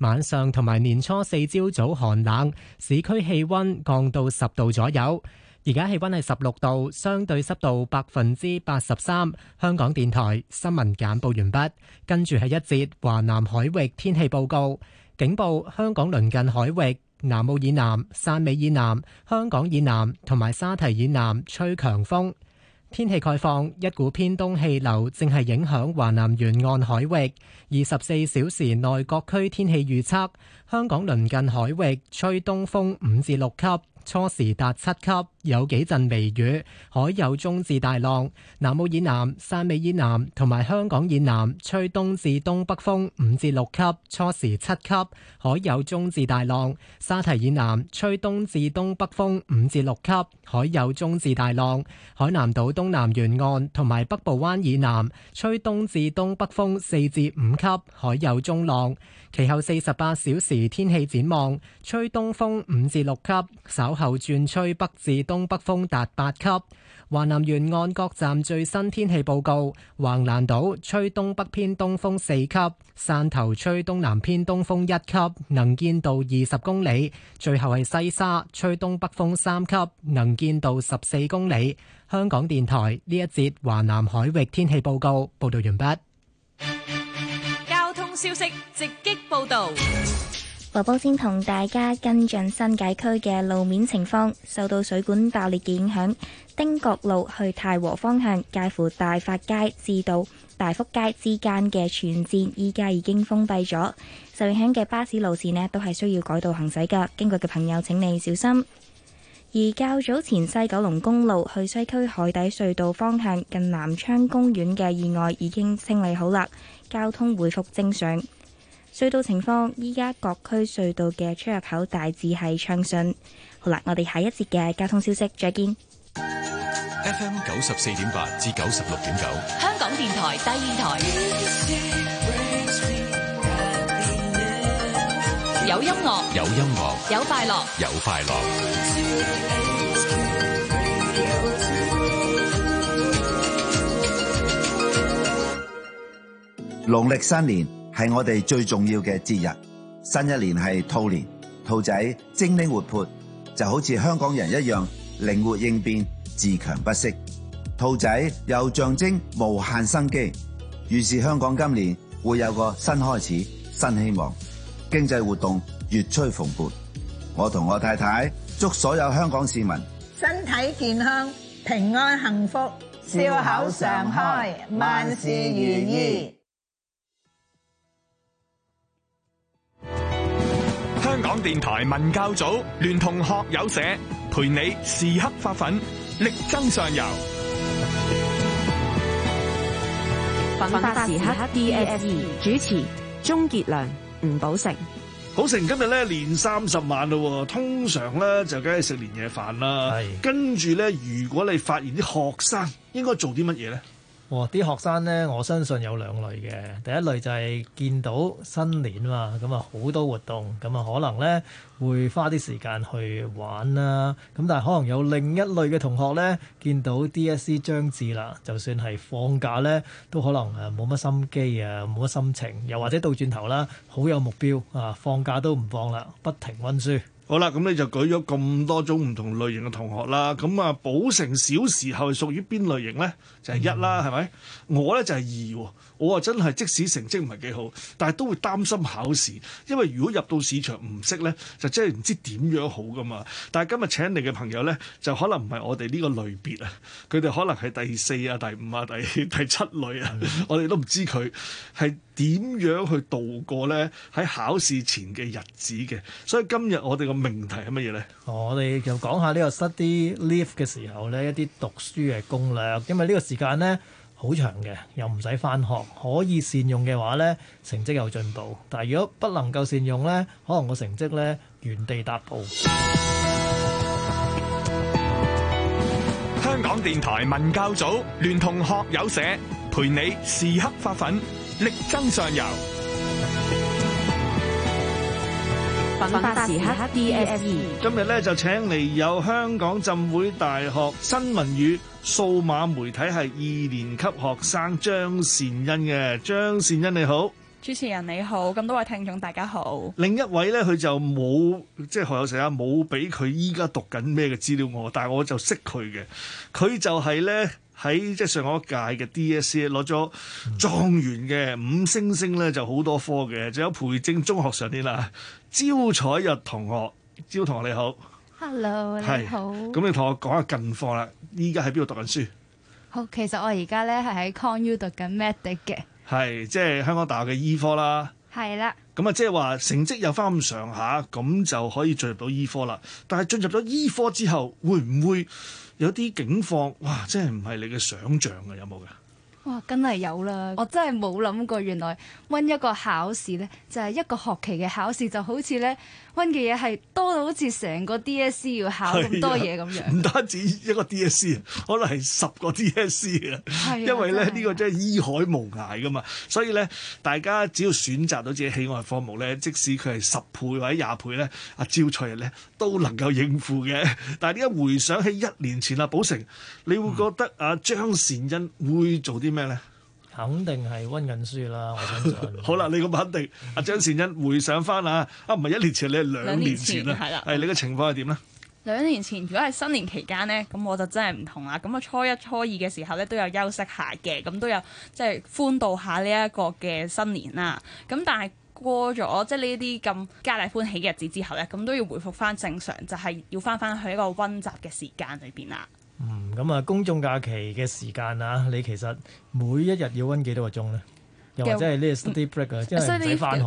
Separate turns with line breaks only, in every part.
晚上同埋年初四朝早寒冷，市區氣溫降到十度左右。而家氣溫係十六度，相對濕度百分之八十三。香港電台新聞簡報完畢，跟住係一節華南海域天氣報告。警報：香港鄰近海域南澳以南、汕尾以南、香港以南同埋沙堤以南吹強風。天氣概況：一股偏東氣流正係影響華南沿岸海域。二十四小時內各區天氣預測：香港鄰近海域吹東風五至六級，初時達七級。有幾陣微雨，海有中至大浪。南澳以南、汕尾以南同埋香港以南吹東至東北風五至六級，初時七級，海有中至大浪。沙堤以南吹東至東北風五至六級，海有中至大浪。海南島東南沿岸同埋北部灣以南吹東至東北風四至五級，海有中浪。其後四十八小時天氣展望，吹東風五至六級，稍後轉吹北至東東北風達八級，華南沿岸各站最新天氣報告：橫瀾島吹東北偏東風四級，汕頭吹東南偏東風一級，能見度二十公里；最後係西沙吹東北風三級，能見度十四公里。香港電台呢一節華南海域天氣報告報道完畢。
交通消息直擊報道。我先同大家跟進新界區嘅路面情況，受到水管爆裂嘅影響，汀角路去太和方向介乎大發街至到大福街之間嘅全線依家已經封閉咗，受影響嘅巴士路線呢都係需要改道行駛噶，經過嘅朋友請你小心。而較早前西九龍公路去西區海底隧道方向近南昌公園嘅意外已經清理好喇，交通回復正常。隧道情況，依家各區隧道嘅出入口大致係暢順。好啦，我哋下一節嘅交通消息，再見。FM
九十四點八至九十六點九，
香港電台第二台。有音樂，
有音樂，有快樂，有快樂。
農曆新年。係我哋最重要嘅節日，新一年係兔年，兔仔精靈活潑，就好似香港人一樣靈活應變，自強不息。兔仔又象徵無限生機，預示香港今年會有個新開始，新希望，經濟活動越趨蓬勃。我同我太太祝所有香港市民
身體健康、平安幸福、笑口常開、萬
事如意。
香港電台文教組聯同學友社陪你時刻發奮，力爭上游。
奮發時刻 DSE 主持，鍾杰良、吳寶成。
寶成，今日咧年三十晚啦，通常咧就梗係食年夜飯啦。係跟住咧，如果你發現啲學生應該做啲乜嘢咧？
哇！啲、哦、學生咧，我相信有兩類嘅。第一類就係見到新年嘛，咁啊好多活動，咁、嗯、啊可能咧會花啲時間去玩啦、啊。咁、嗯、但係可能有另一類嘅同學咧，見到 DSE 將至啦，就算係放假咧，都可能誒冇乜心機啊，冇乜心情。又或者倒轉頭啦，好有目標啊，放假都唔放啦，不停温書。
好啦，咁你就舉咗咁多種唔同類型嘅同學啦。咁啊，寶成小時候係屬於邊類型咧？就係、是、一啦，係咪、嗯？我咧就係、是、二、哦，我啊真係即使成績唔係幾好，但係都會擔心考試，因為如果入到市場唔識咧，就真係唔知點樣好㗎嘛。但係今日請嚟嘅朋友咧，就可能唔係我哋呢個類別啊，佢哋可能係第四啊、第五啊、第第七類啊，嗯、 我哋都唔知佢係點樣去度過咧喺考試前嘅日子嘅。所以今日我哋命題係乜嘢咧？
我哋就講下呢個 study leave 嘅時候咧，一啲讀書嘅攻略。因為呢個時間咧好長嘅，又唔使返學，可以善用嘅話咧，成績有進步。但係如果不能夠善用咧，可能個成績咧原地踏步。
香港電台文教組聯同學友社，陪你時刻發奮，力爭上游。時刻 DSE，今日咧就請嚟有香港浸會大學新聞與數碼媒體系二年級學生張倩欣嘅，張倩欣你好。
主持人你好，咁多位聽眾大家好。
另一位咧佢就冇，即係何有成啊冇俾佢依家讀緊咩嘅資料我，但係我就識佢嘅，佢就係咧喺即係上一屆嘅 DSE 攞咗狀元嘅五星星咧就好多科嘅，仲有培正中學上年啊。焦采溢同學，焦同學你好
，Hello，你好。咁
你同我講下近況啦。依家喺邊度讀緊書？
好，其實我而家咧係喺 Con U 讀緊 Medic 嘅，
係即係香港大學嘅醫科啦。係啦。咁啊，即係話成績又翻咁上下，咁就可以進入到醫科啦。但係進入咗醫科之後，會唔會有啲境況哇？真係唔係你嘅想象嘅有冇㗎？
哇！真係有啦，我真係冇諗過，原來温一個考試咧，就係一個學期嘅考試，就好似咧。溫嘅嘢係多到好似成個 D.S.C. 要考咁多嘢咁樣，
唔、啊、單止一個 D.S.C. 啊，可能係十個 D.S.C. 啊，因為咧呢真個真係醫海無涯噶嘛，所以咧大家只要選擇到自己喜愛科目咧，即使佢係十倍或者廿倍咧，阿焦采溢咧都能夠應付嘅。但係點解回想起一年前啊，寶成，你會覺得阿、啊、張倩欣會做啲咩咧？肯定係温緊書啦，我想。 好啦，你咁肯定，阿張倩欣回想翻 啊，啊唔係一年前，你係兩年前啦，係你嘅情況係點咧？
兩年前如果係新年期間咧，咁我就真係唔同啦。咁啊初一初二嘅時候咧，都有休息下嘅，咁都有即係歡度下呢一個嘅新年啦。咁但係過咗即係呢啲咁皆大歡喜嘅日子之後咧，咁都要回復翻正常，就係要翻翻去一個温習嘅時間裏邊啦。
嗯，咁、嗯、啊，公眾假期嘅時間啊，你其實每一日要温幾多個鐘咧？又或者係呢個 study b r 即係唔使翻學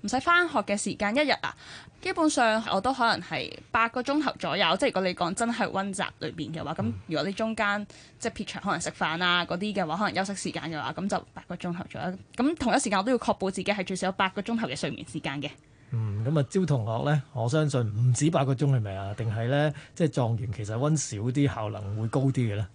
唔使翻學嘅時間一日啊，基本上我都可能係八個鐘頭左右。即係如果你講真係温習裏邊嘅話，咁、嗯、如果你中間即係撇 i 可能食飯啊嗰啲嘅話，可能休息時間嘅話，咁就八個鐘頭左右。咁同一時間我都要確保自己係最少有八個鐘頭嘅睡眠時間嘅。
嗯，咁啊焦同學咧，我相信唔止八個鐘，係咪啊？定係咧，即係狀元其實温少啲，效能會高啲嘅咧。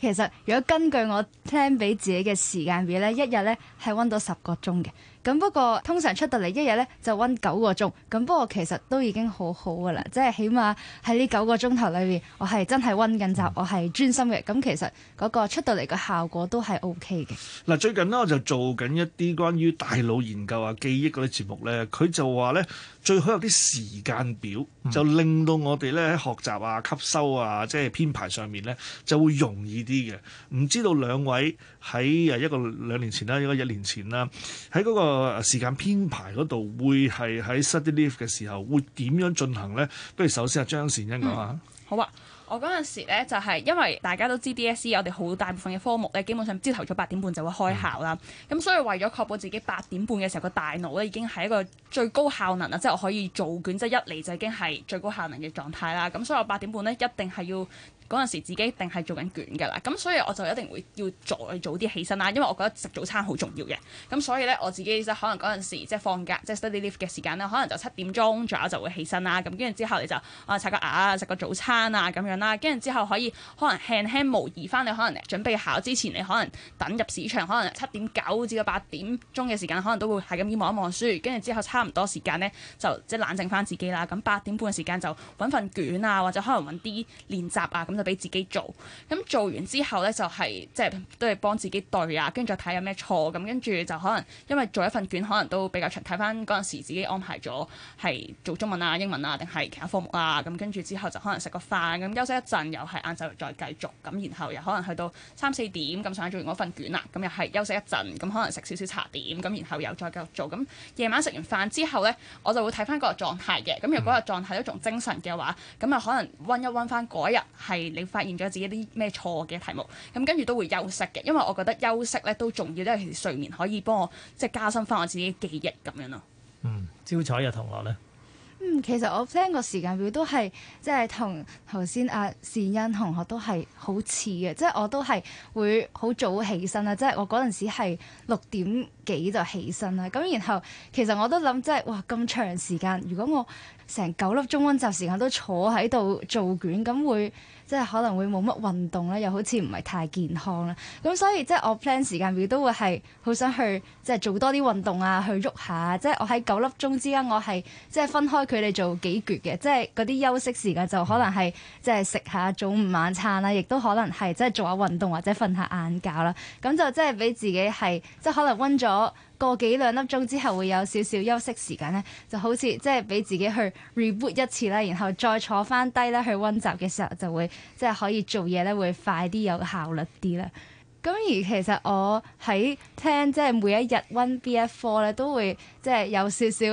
其實如果根據我聽俾自己嘅時間表咧，一日咧係温到十個鐘嘅。咁不過通常出到嚟一日咧就温九個鐘，咁不過其實都已經好好嘅啦，即係起碼喺呢九個鐘頭裏邊，我係真係温緊習，我係專心嘅。咁其實嗰個出到嚟嘅效果都係 OK 嘅。
嗱，
最近呢，我就做緊一啲關於大腦研究啊記憶嗰啲節目咧，佢就話咧最好有啲時間表，就令到我哋咧喺學習啊吸收啊即係編排上面咧就會容易啲嘅。唔知道兩位？喺誒一個兩年前啦，一個一年前啦，喺嗰個時間編排嗰度會係喺 study leave 嘅時候會點樣進行呢？不如首先阿張倩欣講
下，嗯。好啊，我嗰陣時咧就係、是、因為大家都知 DSE，我哋好大部分嘅科目呢，基本上朝頭早八點半就會開考啦，咁、嗯、所以為咗確保自己八點半嘅時候個大腦呢已經係一個最高效能啊，即、就、係、是、我可以做卷即係一嚟就已經係最高效能嘅狀態啦，咁所以我八點半呢，一定係要。嗰陣時自己定係做緊卷㗎啦，咁所以我就一定會要再早啲起身啦，因為我覺得食早餐好重要嘅。咁所以呢，我自己可能嗰陣時即係放假，即係 study leave 嘅時間呢，可能就七點鐘左右就會起身啦。咁跟住之後你就啊刷個牙、啊、食個早餐啊咁樣啦。跟住之後可以可能輕輕模擬翻你可能準備考之前，你可能等入市場，可能七點九至到八點鐘嘅時間，可能都會係咁樣望一望書。跟住之後差唔多時間呢，就即係冷靜翻自己啦。咁八點半嘅時間就揾份卷啊，或者可能揾啲練習啊咁。就俾自己做，咁做完之後呢、就是，就係即係都係幫自己對啊，跟住再睇有咩錯，咁跟住就可能因為做一份卷可能都比較長，睇翻嗰陣時自己安排咗係做中文啊、英文啊定係其他科目啊，咁跟住之後就可能食個飯，咁休息一陣又係晏晝再繼續，咁然後又可能去到三四點咁想做完嗰份卷啦，咁又係休息一陣，咁可能食少少茶點，咁然後又再繼續做，咁夜晚食完飯之後呢，我就會睇翻嗰個狀態嘅，咁如果個狀態都仲精神嘅話，咁啊、嗯、可能溫一溫翻嗰日係。你發現咗自己啲咩錯嘅題目，咁跟住都會休息嘅，因為我覺得休息咧都重要，即係其實睡眠可以幫我即係加深翻我自己嘅記憶咁樣咯。嗯，
焦采溢同學咧，
嗯，其實我聽個時間
表都係即係同頭先阿倩欣同學都係好似嘅，即係我都係、就是、會好早起身啦，即、就、係、是、我嗰陣時係六點幾就起身啦。咁然後其實我都諗即係哇咁長時間，如果我成九粒鐘温習時間都坐喺度做卷，咁會？即係可能會冇乜運動咧，又好似唔係太健康啦。咁所以即係我 plan 時間表都會係好想去即係做多啲運動啊，去喐下、啊。即係我喺九粒鐘之間我，我係即係分開佢哋做幾橛嘅。即係嗰啲休息時間就可能係即係食下早午晚餐啦、啊，亦都可能係即係做下運動或者瞓下晏覺啦。咁就即係俾自己係即係可能温咗個幾兩粒鐘之後，會有少少休息時間咧，就好似即係俾自己去 reboot 一次啦、啊，然後再坐翻低咧去温習嘅時候就會。即係可以做嘢咧，會快啲有效率啲啦。咁而其實我喺聽即係每一日 one BF four 咧，都會即係有少少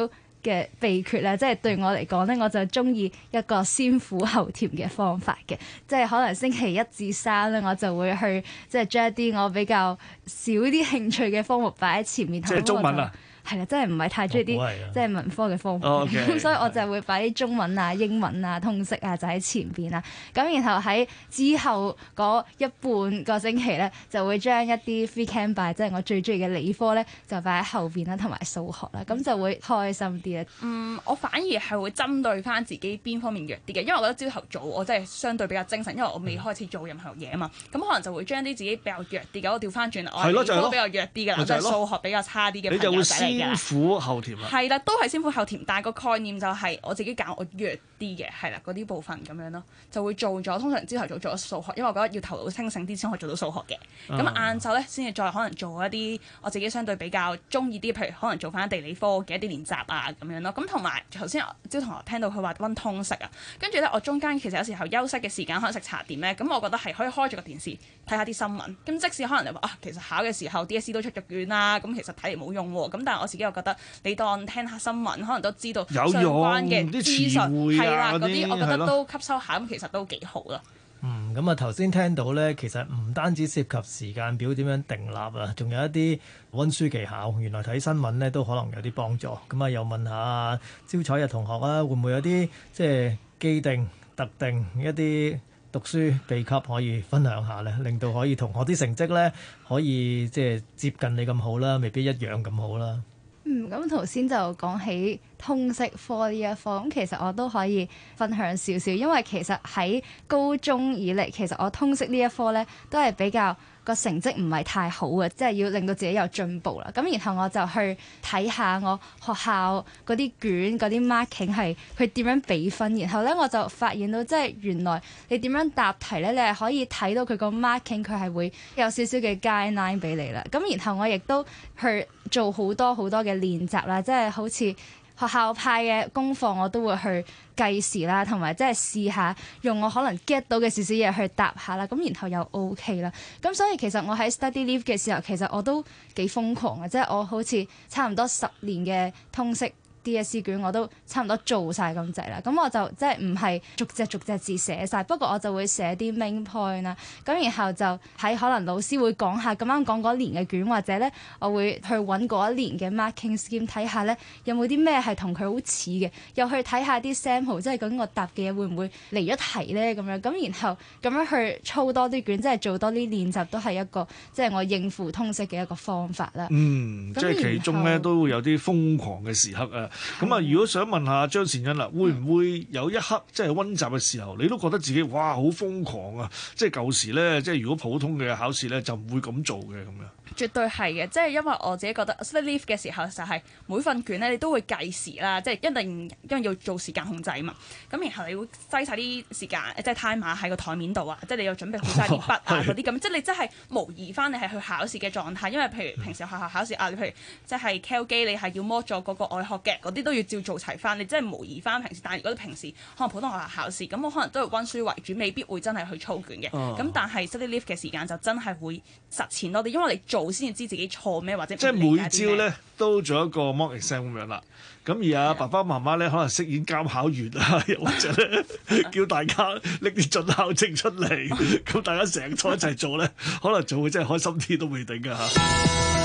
嘅秘訣啦。即係對我嚟講咧，我就中意一個先苦後甜嘅方法嘅。即係可能星期一至三咧，我就會去即係將一啲我比較少啲興趣嘅科目擺喺前面。即係中文啊！可係啦，真係唔係太中意啲即係文科嘅科目，咁、哦 okay, 所以我就會擺啲中文啊、英文啊、通識啊，就喺前邊啦。咁然後喺之後嗰一半個星期咧，就會將一啲 free camp 即係我最中意嘅理科咧，就擺喺後邊啦，同埋數學啦，咁、嗯、就會開心啲啊。嗯，
我反而係會針對翻自己邊方面弱啲嘅，因為我覺得朝頭早我真係相對比較精神，因為我未開始做任何嘢啊嘛。咁可能就會將啲自己比較弱啲嘅，我調翻轉我理科比較弱啲嘅，即係、就是、數學比較差啲嘅。就你就會先
苦後甜啊！係
啦，都係先苦後甜，但係個概念就係我自己揀我弱啲嘅係啦，嗰啲部分咁樣咯，就會做咗。通常朝頭早做咗數學，因為我覺得要頭腦清醒啲先可以做到數學嘅。咁晏晝咧，先至再可能做一啲我自己相對比較中意啲，譬如可能做翻地理科嘅一啲練習啊咁樣咯。咁同埋頭先，朝同學聽到佢話温通識啊，跟住咧我中間其實有時候休息嘅時間可能食茶點咧，咁我覺得係可以開住個電視。睇下啲新聞，咁即使可能你話啊，其實考嘅時候 DSE 都出咗卷啦，咁其實睇嚟冇用喎。咁但係我自己又覺得，你當聽下新聞，可能都知道有關嘅
資訊係啦，嗰啲我覺得都
吸收下咁，其實都幾好咯。
嗯，咁啊頭先聽到呢，其實唔單止涉及時間表點樣定立啊，仲有一啲温書技巧。原來睇新聞呢都可能有啲幫助。咁啊又問下焦采嘅同學啊，會唔會有啲即係既定特定一啲？讀書秘笈可以分享下咧，令到可以同學啲成績咧可以即係接近你咁好啦，未必一樣咁好啦。
嗯，咁頭先就講起通識科呢一科，咁其實我都可以分享少少，因為其實喺高中以嚟，其實我通識呢一科咧都係比較，個成績唔係太好啊，即係要令到自己有進步啦。咁然後我就去睇下我學校嗰啲卷嗰啲 marking 係佢點樣俾分，然後咧我就發現到即係原來你點樣答題咧，你係可以睇到佢個 marking 佢係會有少少嘅 guideline 俾你啦。咁然後我亦都去做好多好多嘅練習啦，即係好似。學校派嘅功課我都會去計時啦，同埋即係試下用我可能 get 到嘅少少嘢去答下啦。咁然後又 OK 啦。咁所以其實我喺 study leave 嘅時候，其實我都幾瘋狂嘅，即係我好似差唔多十年嘅通識。DSC 卷我都差唔多做晒咁滯啦，咁我就即係唔係逐隻逐隻字寫晒，不過我就會寫啲 main point 啦。咁然後就喺可能老師會講下，咁啱講嗰年嘅卷，或者咧，我會去揾嗰一年嘅 marking scheme 睇下咧，有冇啲咩係同佢好似嘅，又去睇下啲 sample，即係究竟我答嘅嘢會唔會離咗題咧咁樣。咁然後咁樣去操多啲卷，即係做多啲練習，都係一個即係、就是、我應付通識嘅一個方法啦。嗯，
即係那 其中咧後都會有啲瘋狂嘅時刻啊！咁啊，嗯、如果想問下張善欣啦，會唔會有一刻即係温習嘅時候，你都覺得自己哇好瘋狂啊？即係舊時咧，即係如果普通嘅考試咧，就唔會咁做嘅咁樣。
絕對係嘅，即係因為我自己覺得 s t u d 嘅時候就係每份卷咧，你都會計時啦，即係一定因為要做時間控制啊嘛。咁然後你要擠晒啲時間，即係 t i 碼喺個台面度啊，即係你要準備好晒啲筆啊嗰啲咁，即係你真係模疑翻你係去考試嘅狀態。因為譬如平時學校考試啊，你譬如即係 c l l 機，你係要摸咗嗰個外殼嘅。嗰啲都要照做齊翻，你真係模擬翻平時。但係如果你平時可能普通學校考試，咁我可能都係温書為主，未必會真係去操卷嘅。咁、啊、但係 study leave 嘅時間就真係會實踐多啲，因為你做先至知自己錯咩或者。即係每朝咧
都做一個 mock exam 咁樣啦。咁、嗯、而阿、啊、爸爸媽媽咧可能飾演監考員啊， 又或者叫大家拎啲准考證出嚟，咁 大家成日坐一齊做咧，可能就會真係開心啲都未定㗎吓。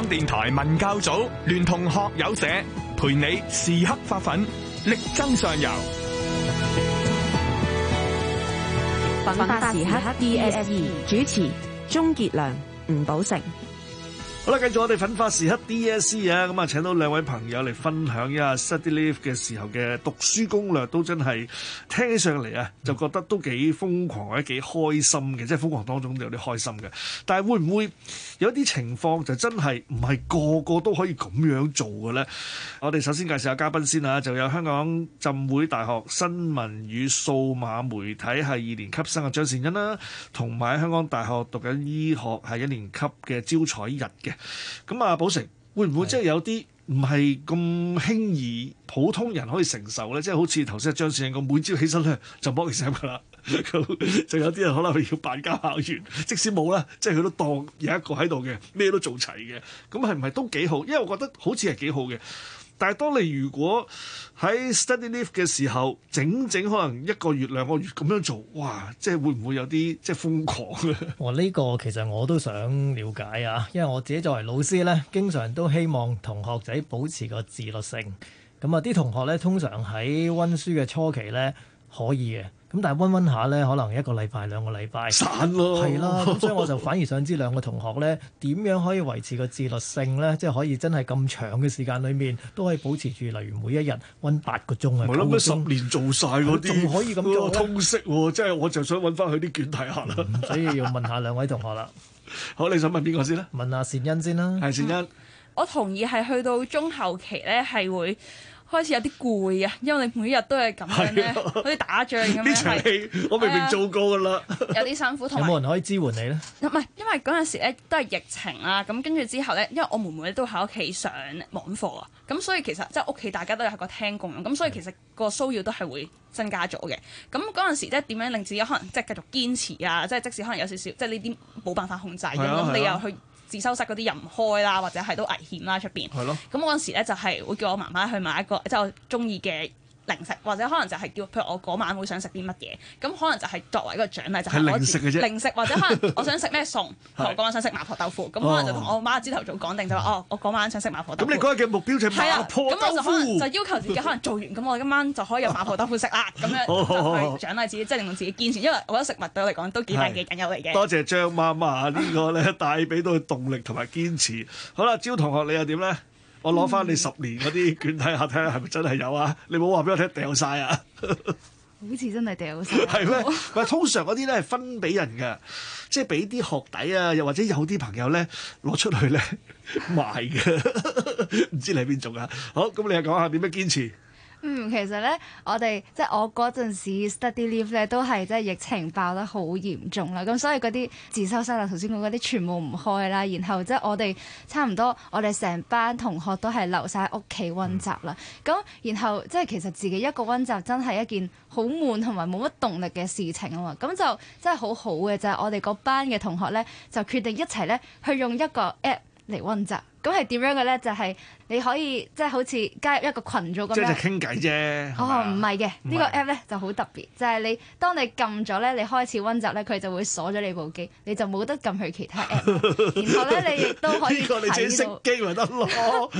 香港電台文教組聯同學友社陪你時刻發奮，力爭上游。
文化時刻 DSE 主持：鍾杰良、吳寶成。
好啦，繼續我哋奮發時刻 DSE 啊，咁啊，請到兩位朋友嚟分享一下 study leave 嘅時候嘅讀書攻略，都真係聽起上嚟啊，就覺得都幾瘋狂或者幾開心嘅，即係瘋狂當中都有啲開心嘅。但係會唔會有啲情況就真係唔係個個都可以咁樣做嘅咧？我哋首先介紹下嘉賓先啊。就有香港浸會大學新聞與數碼媒體系二年級生嘅張倩欣啦，同埋香港大學讀緊醫學系一年級嘅焦采溢嘅。咁啊，寶成會唔會即係有啲唔係咁輕易，普通人可以承受咧？即係好似頭先張倩欣咁，每朝起身咧就 block 噶啦。就 就有啲人可能要辦家校完，即使冇啦，即係佢都當有一個喺度嘅，咩都做齊嘅。咁係唔係都幾好？因為我覺得好似係幾好嘅。但係，當你如果喺 study leave 嘅時候，整整可能一個月兩個月咁樣做，哇！即係會唔會有啲即係瘋狂
咧、啊？哦，呢、呢個其實我都想了解啊，因為我自己作為老師咧，經常都希望同學仔保持個自律性。咁啊，啲同學咧通常喺温書嘅初期咧。可以嘅，咁但係溫溫下咧，可能一個禮拜兩個禮拜散咯了，係啦。咁所以我就反而想知兩個同學咧，點樣可以維持個自律性咧？即係可以真係咁長嘅時間裏面，都可以保持住。例如每一日溫八個鐘時啊，我諗乜十年
做晒嗰啲，仲可以咁做？通識即係我就想揾翻佢啲卷睇下啦、嗯。所以要問下兩位同
學啦。 好，你想問邊個先咧？問阿倩欣先啦。係倩欣，
我同意係去到中後期咧，係會。開始有啲攰啊，因為你每日都係咁樣咧，好似 打仗咁樣。 啲嘢
我明明做過㗎啦、
啊， 有啲辛苦同。冇
人可以支援你咧？
唔係，因為嗰陣時咧都係疫情啦，咁跟住之後咧，因為我妹妹都喺屋企上網課啊，咁所以其實即係屋企大家都有個聽功咁，所以其實個騷擾都係會增加咗嘅。咁嗰陣時即係點樣令自己可能即係繼續堅持啊？即係即使可能有少少即係呢啲冇辦法控制咁， 你又去。 自修室嗰啲又唔開啦，或者係都危險啦出邊。係咯，咁我嗰陣時咧就係、是、會叫我媽媽去買一個即係、就是、我中意嘅零食或者可能就係叫，譬如我嗰晚會想食啲乜嘢，咁可能就係作為一個獎勵就係我零食、零食或者可能我想食咩餸， 是我嗰晚想食麻婆豆腐，咁、哦、可能就同我媽朝頭早講定就話、是，哦，我嗰晚想食麻婆豆腐。」咁你嗰日嘅目標就麻婆豆腐。咁我就可能就要求自己可能做完，咁我今晚就可以有麻婆豆腐食啊！咁 樣嚟去獎勵自己，即係 令自己堅持，因為我覺得食物對我嚟講都幾大嘅是引誘嚟嘅。多謝
張媽媽呢個咧帶俾到動力同埋堅持。好啦，焦同學你又點咧？我攞翻你十年嗰啲卷睇下，睇下係咪真係有啊？你唔好話俾我聽掉晒啊！
好似真係掉晒！係
咩嗎？唔 通常嗰啲咧係分俾人噶，即係俾啲學底啊，又或者有啲朋友咧攞出去咧賣嘅，唔 買的 知你係邊種啊？好，咁你又講下點樣堅持？
嗯，其實咧，我哋即係我嗰陣時 study leave 咧，都係即係疫情爆得好嚴重啦。咁所以嗰啲自修室啦，頭先講嗰啲全部唔開啦。然後即係我哋差唔多，我哋成班同學都係留晒喺屋企温習啦。咁、嗯、然後即係其實自己一個温習真係一件好悶同埋冇乜動力嘅事情啊嘛。咁就真係好好嘅就係、是、我哋嗰班嘅同學咧，就決定一齊咧去用一個 app，嚟温習，咁係點樣嘅咧？就係、是、你可以即係、就是、好似加入一個群組咁樣，即係傾
偈啫。哦，
唔係嘅，呢個 app 咧就好特別，就係、是、你當你撳咗咧，你開始温習咧，佢就會鎖咗你部機，你就冇得撳去其他
app。 然後咧，你亦都可以呢 個你自己熄機咪得咯。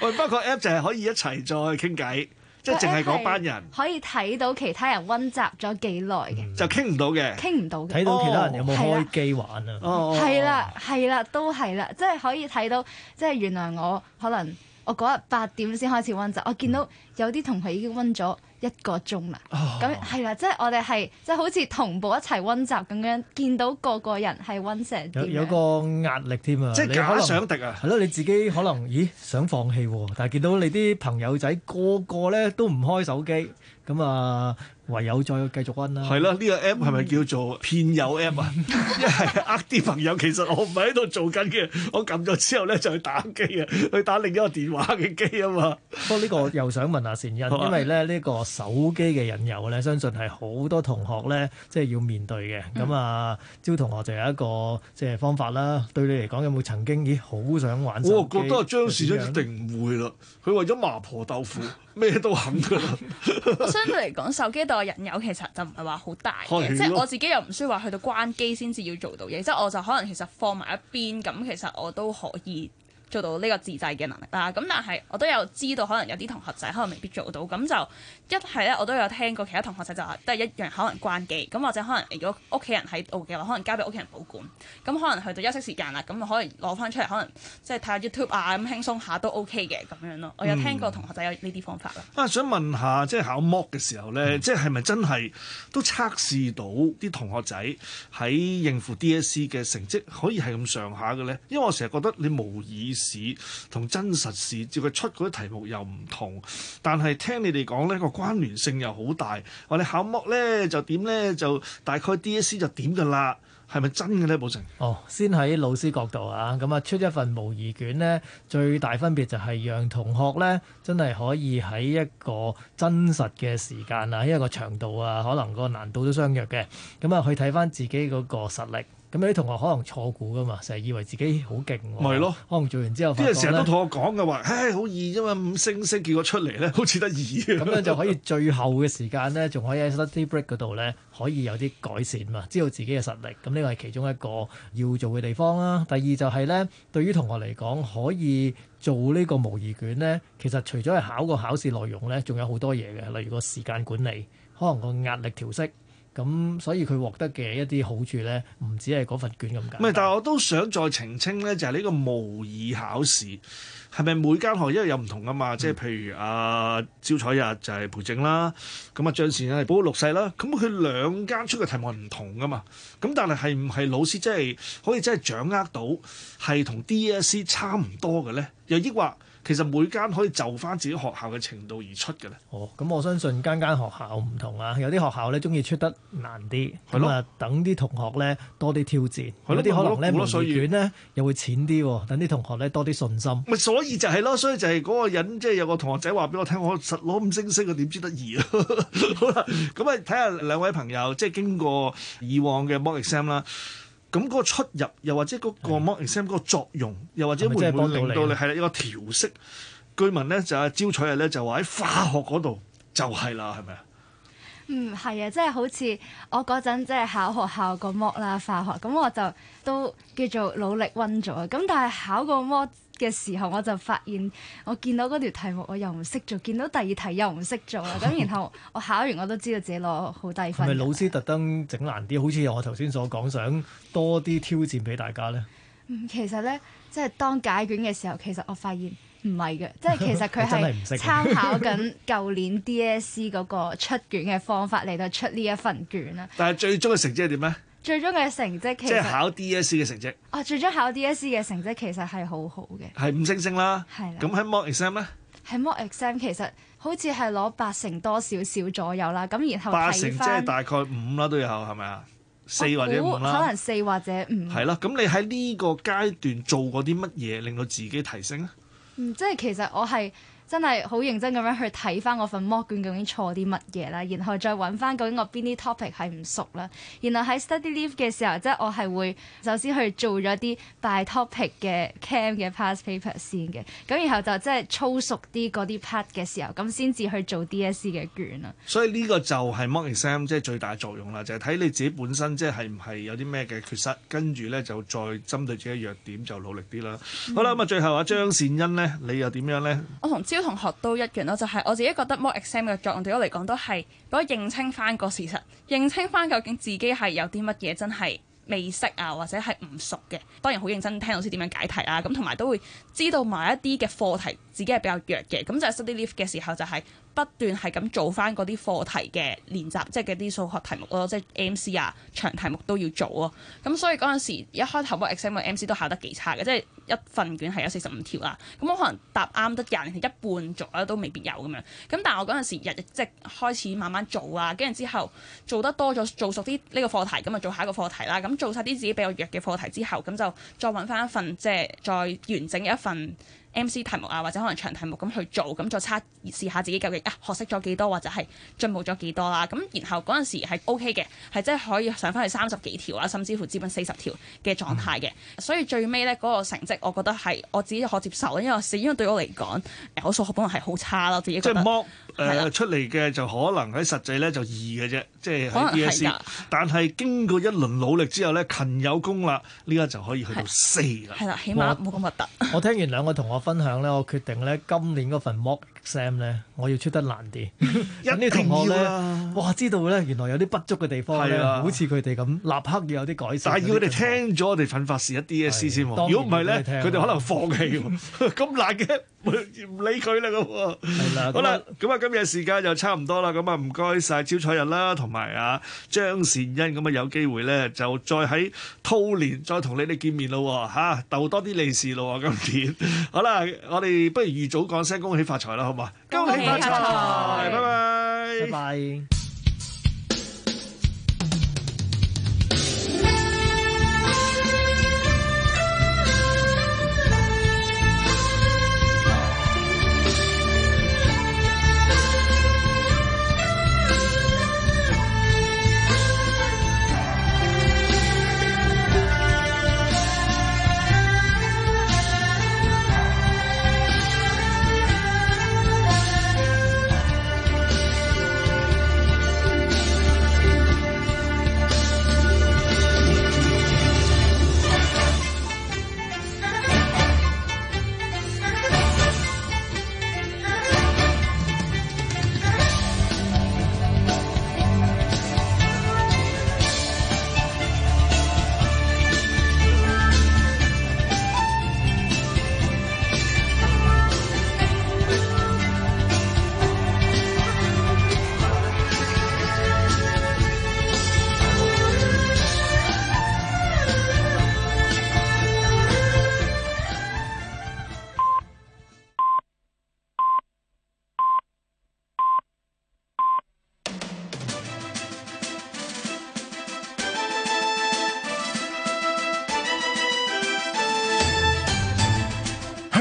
喂， 不過 app 就係可以一齊再傾偈。即係淨係嗰班人
可以睇到其他人温習咗幾耐嘅，
就傾唔到嘅，傾
唔到嘅。哦，睇到其他人有冇開
機玩啊？係
啦，係啦，都係啦。的即係可以睇到，即係原來我可能我嗰日八點先開始温習，我見到有啲同學已經温咗。嗯嗯一個鐘啦，咁係啦，即係、即係、我哋係即係好似同步一齊温習咁樣，見到個個人係温成有，有
有個壓力添啊！即係假想敵啊，係咯，你自己可能咦想放棄，啊，但係見到你啲朋友仔個個咧都唔開手機。咁啊，唯有再繼續溫啦。係啦、啊，
呢、這個 app 係咪叫做騙友 app 啊？一係呃啲朋友，其實我唔係喺度做緊嘅。我撳咗之後咧，就去打機啊，去打另一個電話
嘅機啊嘛。不過呢個又想問下倩欣， 因為咧呢、這個手機嘅引誘咧，相信係好多同學咧，即係要面對嘅。咁、嗯、啊，焦同學就有一個即係方法啦。對你嚟講，有冇曾經咦好想玩手機、哦、我覺得張倩欣一
定唔會啦。佢為咗麻婆豆腐，咩都肯㗎啦。
相對嚟講，手機對我引誘其實就唔係話好大嘅， 即係我自己又唔需要話去到關機先至要做到嘢，即係我就可能其實放埋一邊，咁其實我都可以。做到呢個自制嘅能力啦，咁但係我都有知道，可能有啲同學仔可能未必做到，咁就一係咧，我都有聽過其他同學仔就話都係一樣，可能關機，咁或者可能如果屋企人喺度嘅話，可能交俾屋企人保管，咁可能去到休息時間啦，咁可能攞翻出嚟，可能即係睇下 YouTube 啊，咁輕鬆下都 OK 嘅咁樣咯。我有聽過同學仔有呢啲方法啦、
嗯。啊，想問下即係、就是、考 Mock 嘅時候咧，即係係咪真係都測試到啲同學仔喺應付 DSE 嘅成績可以係咁上下嘅咧？因為我成日覺得你模擬。事同真實事，照佢出嗰啲題目又唔同，但係聽你哋講呢個關聯性又好大，我
哋考乜咧就點咧就大概
DSE 就點噶啦，係咪真嘅呢？武成
哦，oh, 先喺老師角度啊，咁啊出一份模擬卷呢，最大分別就係讓同學呢真係可以喺一個真實嘅時間啊，一個長度啊，可能個難度都相若嘅，咁啊去睇返自己嗰個實力。咁有啲同學可能錯估㗎嘛，成日以為自己好勁喎。咯，可能做完之後啲人成日都同
我講嘅話，唉、哎，好易啫嘛，五星星，結果出嚟咧，好似得二。咁 樣就可以
最後嘅時間咧，仲可以喺 study break 嗰度咧，可以有啲改善嘛。知道自己嘅實力，咁呢個係其中一個要做嘅地方啦。第二就係咧，對於同學嚟講，可以做呢個模擬卷咧，其實除咗係考個考試內容咧，仲有好多嘢嘅，例如個時間管理，可能個壓力調適。咁、嗯、所以佢獲得嘅一啲好處咧，唔止係嗰份卷咁解，
唔係，但係我都想再澄清咧，就係、是、呢個模擬考試係咪每間學因為有唔同噶嘛？即係、嗯、譬如阿焦、啊、采溢就係培正啦，咁啊張善保祿六世啦，咁佢兩間出嘅題目係唔同噶嘛？咁但係係唔係老師即係可以真係掌握到係同 DSE 差唔多嘅咧？又抑或？其實每間可以就翻自己學校嘅程度而出嘅，咧。哦，
咁我相信間間學校唔同啊，有啲學校咧中意出得難啲，咁啊等啲同學咧多啲挑戰，的有啲可能咧唔易卷咧又會淺啲，哦，等啲同學咧多啲信心。
咪所以就係咯，所以就係嗰個人，即、就、係、是、有個同學仔話俾我聽，我實攞咁清晰，佢點知得意？啊？ 好啦，咁啊睇下兩位朋友即係、就是、經過以往嘅 mock exam 啦。咁嗰個出入，又或者嗰個 mock exam 嗰個作用，又或者會唔會令到你係一個調色？據聞咧，就阿焦采溢咧，就話喺化學嗰度就係啦，係咪啊？嗯，
係啊，即係好似我嗰陣即係考學校個 mock 啦，化學咁我就都叫做努力温咗，咁但係考個 mock 嘅時候我就發現，我見到嗰條題目我又唔識做，見到第二題又唔識做啦。咁 然後我考完我都知道自己攞好低分。係咪老
師特登整難啲， 好似我頭先所講，想多啲挑戰俾大家咧。
其實咧，即係當解卷嘅時候，其實我發現唔係嘅，即係其實佢係參考緊舊年 DSE 嗰個出卷嘅方法嚟到出呢一份卷啦。
但係最終嘅成績係點咧？
最終嘅成績，其實即係
考 DSE 嘅成績。
哦，最終考 DSE 嘅成績其實係好好嘅。
係五星星啦。係啦的。咁喺 mock exam 咧？
喺 mock exam 其實好似係攞八成多少少左右啦。咁然後八成即係大
概五啦都有，係咪啊？四，哦、五四或者五啦。可能
四或者五。係啦。
咁你喺呢個階段做過啲乜嘢令到自己提升啊？
嗯，即係其實我係。真係好認真咁樣去睇翻我份 mock 卷，究竟錯啲乜嘢啦，然後再揾翻究竟我邊啲 topic 係唔熟啦。然後喺 study leave 嘅時候，即係我係會首先去做咗啲 by topic 嘅 cam 嘅 past paper 先嘅。咁然後就即係操熟啲嗰啲 part 嘅時候，咁先至去做 DSE 嘅卷啊。
所以呢個就係 mock exam 即係最大作用啦，就係、是、睇你自己本身即係係唔係有啲咩嘅缺失，跟住咧就再針對自己弱點就努力啲啦。嗯、好啦，咁啊最後阿、啊、張倩欣咧，你又點樣咧？
我同啲同學都一樣咯，就係我自己覺得 mock exam 嘅作用對我嚟講都係俾我認清翻個事實，認清翻究竟自己係有啲乜嘢真係未識啊，或者係唔熟嘅，當然好認真聽老師點樣解題啦，啊。咁同埋都會知道埋一啲嘅課題自己係比較弱嘅，咁就 study leave 嘅時候就係不斷係咁做返嗰啲課題嘅練習，即係嗰啲數學題目咯，即係 MC 啊、長題目都要做咯。咁所以嗰陣時一開頭我 exam 嘅 MC 都考得幾差嘅，即、就、係、是、一份卷係有四十五條啦，咁我可能答啱得廿一半左右都未必有咁樣。咁但係我嗰陣時日日即係開始慢慢做啊，跟住之後做得多咗，做熟啲呢個課題，咁就做下一個課題啦。咁做晒啲自己比較弱嘅課題之後，咁就再揾翻一份，即係再完整嘅一份。M C 題目啊，或者可能長題目咁去做，咁再測試下自己究竟啊學識咗幾多，或者係進步咗幾多啦。咁、啊、然後嗰陣時係 O K 嘅，係真可以上翻去三十幾條啦，甚至乎接近四十條嘅狀態嘅。嗯、所以最尾呢嗰、嗰個成績，我覺得係我自己可接受，因為試，因為對我嚟講，我、哎、數學本來係好差咯。自己即係剝
誒出嚟嘅就可能喺實際呢就二嘅啫，即係 B C。但係經過一輪努力之後呢，勤有功啦，呢
家就可以去到四啦。係啦，起碼冇咁核突。 我聽完兩個同學。分享咧，我決定咧，今年嗰份 mock exam 咧，我要出得難啲。 一定要啊同呢！哇，知道咧，原來有啲不足嘅地方啊，好似佢哋咁，立刻要有啲改善。但係要佢哋聽咗我哋
憤發時一啲嘢先先、啊、喎。如果唔係咧，佢哋可能放棄喎、啊。咁 難嘅。唔 理佢啦咁， 好啦，咁啊今日時間就差唔多啦，咁啊唔該晒焦采溢啦，同埋啊張倩欣，咁啊有機會咧就再喺兔年再同你哋見面咯，吓、啊、逗多啲利是咯，今年 好啦，我哋不如預早講聲恭喜發財啦，好嘛？
恭喜發財，發財拜拜，拜拜。拜拜。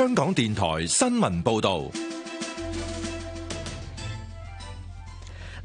香港電台新聞報道。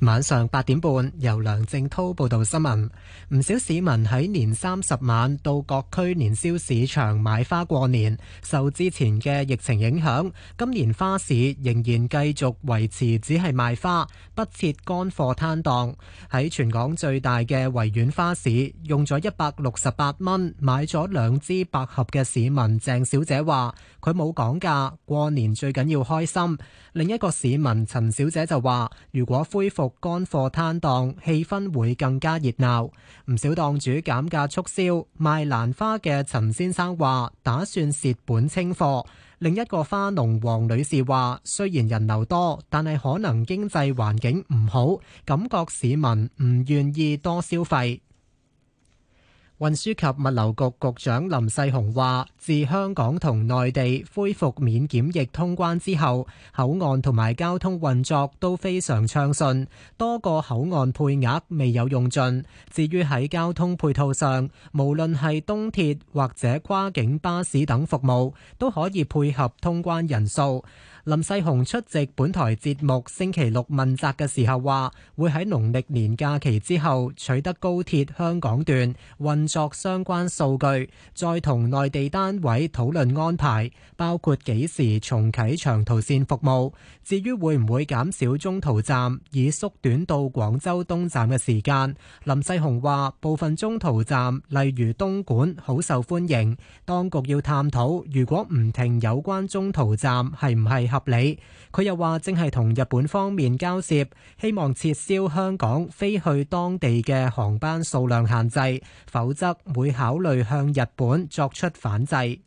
晚上八點半，由梁正濤報道新聞。唔少市民喺年三十晚到各區年宵市場買花過年。受之前嘅疫情影響，今年花市仍然繼續維持，只係賣花，不設乾貨攤檔。喺全港最大嘅維園花市，用咗一百六十八蚊買咗兩支百合嘅市民鄭小姐話：佢冇講價，過年最緊要開心。另一個市民陳小姐就話：如果恢復，乾貨攤檔氣氛會更加熱鬧，唔少檔主減價促銷賣蘭花嘅陳先生話，打算蝕本清貨。另一個花農黃女士話，雖然人流多，但係可能經濟環境唔好，感覺市民唔願意多消費。運輸及物流局局長林世雄話：自香港同內地恢復免檢疫通關之後，口岸同埋交通運作都非常暢順，多個口岸配額未有用盡。至於喺交通配套上，無論係東鐵或者跨境巴士等服務，都可以配合通關人數。林世雄出席本台節目星期六問責嘅時候話：會喺農曆年假期之後取得高鐵香港段運。運作相關數據，再同內地單位討論安排，包括幾時重啟長途線服務。至於會唔會減少中途站，以縮短到廣州東站嘅時間？林世雄話：部分中途站例如東莞好受歡迎，當局要探討如果唔停有關中途站係唔係合理。佢又話：正係同日本方面交涉，希望撤銷香港飛去當地嘅航班數量限制，否則會考慮向日本作出反制。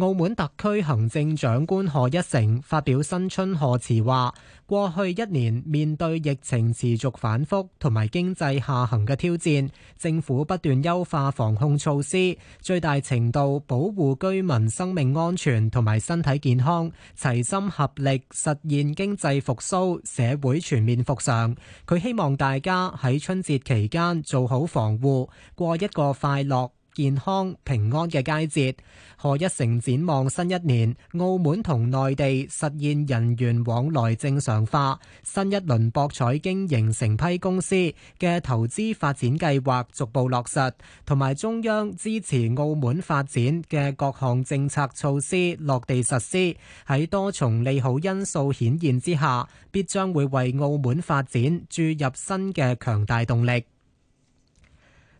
澳門特區行政長官賀一誠發表新春賀詞話：過去一年面對疫情持續反覆同埋經濟下行嘅挑戰，政府不斷優化防控措施，最大程度保護居民生命安全同埋身體健康，齊心合力實現經濟復蘇、社會全面復常。佢希望大家喺春節期間做好防護，過一個快樂。健康平安嘅佳節，賀一誠展望新一年，澳門同內地實現人員往來正常化，新一輪博彩經營成批公司嘅投資發展計劃逐步落實，同埋中央支持澳門發展嘅各項政策措施落地實施。喺多重利好因素顯現之下，必將會為澳門發展注入新嘅強大動力。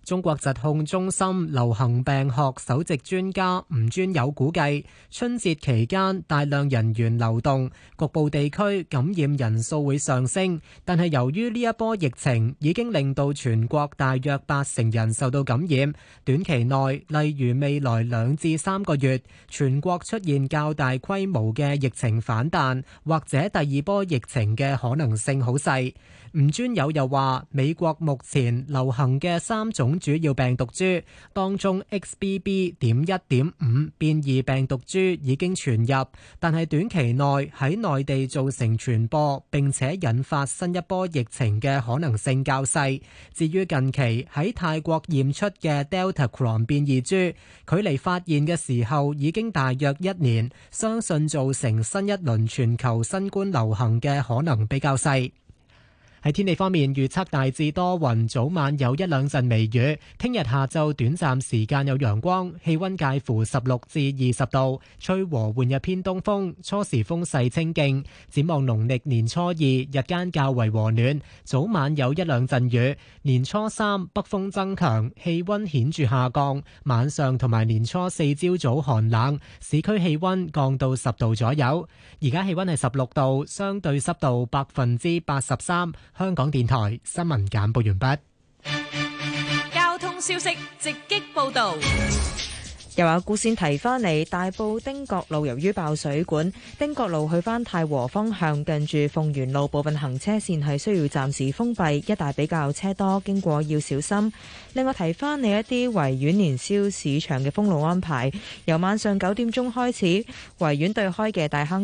中國疾控中心流行病學首席專家吳尊友估計，春節期間大量人員流動，局部地區感染人數會上升。但係由於呢一波疫情已經令到全國大約八成人受到感染，短期內，例如未來兩至三個月，全國出現較大規模嘅疫情反彈，或者第二波疫情嘅可能性好細。吳尊友又話，美國目前流行嘅三種主要病毒株當中，XBB. 點一點五變異病毒株已經傳入，但係短期內喺內地造成傳播並且引發新一波疫情嘅可能性較細。至於近期喺泰國驗出嘅 Delta Cron 變異株，距離發現嘅時候已經大約一年，相信造成新一輪全球新冠流行嘅可能比較細。喺天氣方面，預測大致多雲，早晚有一兩陣微雨。聽日下晝短暫時間有陽光，氣温介乎十六至二十度，吹和緩日偏東風，初時風勢清勁。展望農曆年初二，日間較為和暖，早晚有一兩陣雨。年初三北風增強，氣温顯著下降，晚上同埋年初四朝早寒冷，市區氣温降到十度左右。而家氣温係十六度，相對濕度百分之八十三。香港電台新聞簡報完畢。
交通消息直擊報道，
又有孤線提翻嚟大埔丁角路由於爆水管，
丁角路去返太和方向近住鳳園路部分行車線係需要暫時封閉，一帶比較車多，經過要小心。另外提翻你一啲維園年宵市場嘅封路安排，由晚上九點鐘開始，維園對開嘅大坑。